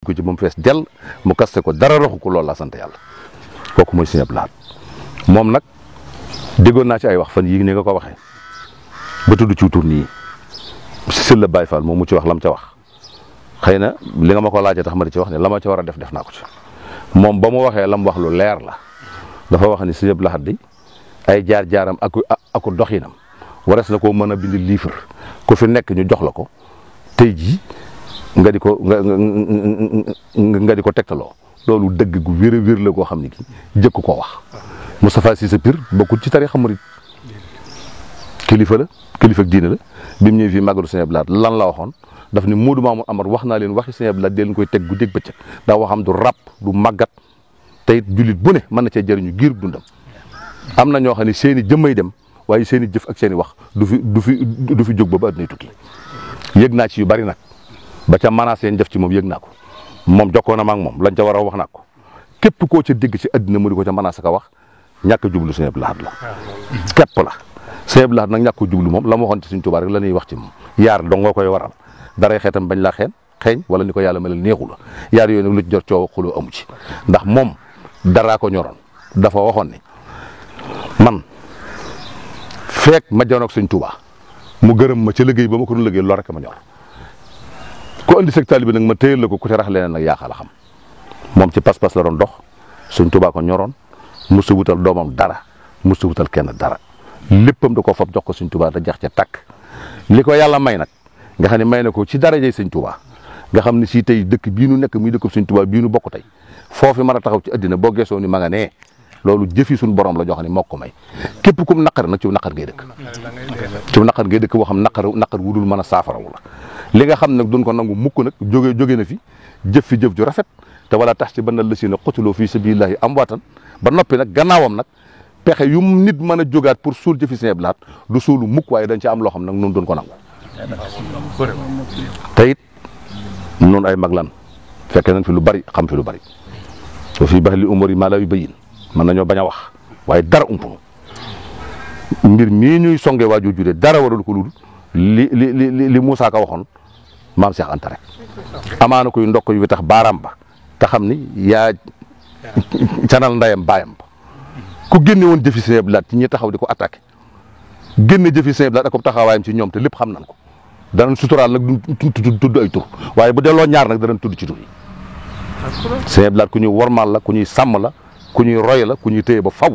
ko ci ba mu fees dell mu kaste ko dara raxu ko loolu laa sant yàlla kooku mooy Sëñ Abdou Lahad moom nag déggoon naa ci ay wax fan yii nga ko waxee ba tudd ci tur nii Sylla baay Fall moom mu ci wax lam ca wax xëy na li nga ma ko laajee tax ma di ci wax ne la ma ci war a def def naa ko ci moom ba mu waxee lam wax lu leer la dafa wax ni Sëñ Abdou Lahad di ay jaar-jaaram ak aku doxinam wares na koo mën a bind livre ku fi nekk ñu jox la ko tey jii nga di ko nga ko tegtaloo loolu dëgg gu wér a la goo xam ne ki jëkk koo wax sa Cissé Pire bokkul ci tariixa murit kilifa la kilifa ak diine la bi mu ñëwee fii màggalu Sëñ Abdou lan la waxoon daf ni Modou Mamoun Amar wax naa leen waxi Sëñ Abdou Lahad dee leen koy teg gu ak bëccëg daa waxam du ràpp du màggat te it jullit bu ne mën na cee jëriñu giir dundam am na ñoo xam ne seen i jëmmay dem waaye seen i jëf ak seeni wax du fi du fi du fi jóg ba ba addunay tukki yëg naa ci yu bari nag ba ca menace yéen jëf ci moom yëg naa ko moom jokkoo na ma moom lañ ca war a wax naa ko képp koo ci dégg ci addina mu di ko ca menace ka wax ñàkk jublu Sëñ Abdou Lahad la képp la Sëñ Abdou Lahad nag ñàkk jublu moom la ma waxoon ci Sëñ Tuubaa rek la ñuy wax ci moom yaar dong koy waral daray xeetam bañ laa xeen xeeñ wala ni ko yàlla melal neexu la yaar yooyu nag lu ci jot coow xuloo amu ci ndax moom daraa ko ñoroon dafa waxoon ni man feek ma janoog Sëñ Tuubaa mu gërëm ma ci liggéey ba ma ko doon liggéey rek ma ñor ku andi seg taalibe nag ma téyel la ko ku rax leneen nag yaaxal a xam moom ci pas-pas la doon dox suñ tubaa ko ñoroon mu subutal doomam dara mu wutal kenn dara léppam da ko fab jox ko suñ tubaa da jax ca takk li ko yàlla may nag nga xam ne may na ko ci darajey suñ tubaa nga xam ne si tey dëkk bii nu nekk muy dëkkub suñ tubaa bii nu bokk tey foofu mën a taxaw ci addina boo gesoo ni ma nga loolu jëfi suñ borom la jox ne moo ko may képp kum naqar na ci naqar ngay dëkk ci naqar ngay dëkk boo xam naqar naqar wudul mën saafarawu la li nga xam nag duñ ko nangu mukk nag jóge jóge na fi jëf fi jëf ju rafet te wala tax ci banna lësina xutiloo fii sabilillahi amwaatan ba noppi nag gannaawam nag pexe yu nit mën a jógaat pour suul jëfi Sëñ Abdu Lahat du suulu mukk waaye dañ ci am loo xam nag nun duñ ko nangu te it ay mag lan fekke nañ fi lu bari xam fi lu bari soo fii bax li umar yi maa la bayin mën nañoo bañ a wax waaye dara umpunu mbir mii ñuy songe waajur jure dara warul ko lul li li li li Moussa waxoon maam Cheikh Anta rek amaana kuy ndokk yu bi tax baaraam ba te xam ni yaa canal ndayam baayam ba ku génne woon jëfi Sëñ Abdu Lahat ci ñi taxaw di ko attaqué génne jëfi Sëñ Abdu ko taxawaayam ci ñoom te lépp xam nan ko danañ suturaal nag du tudd ay tur waaye bu delloo ñaar nag danañ tudd ci tur yi Sëñ Abdu Lahat ku ñuy wormaal la ku ñuy sàmm la ku ñuy roy la ku ñuy téye ba faw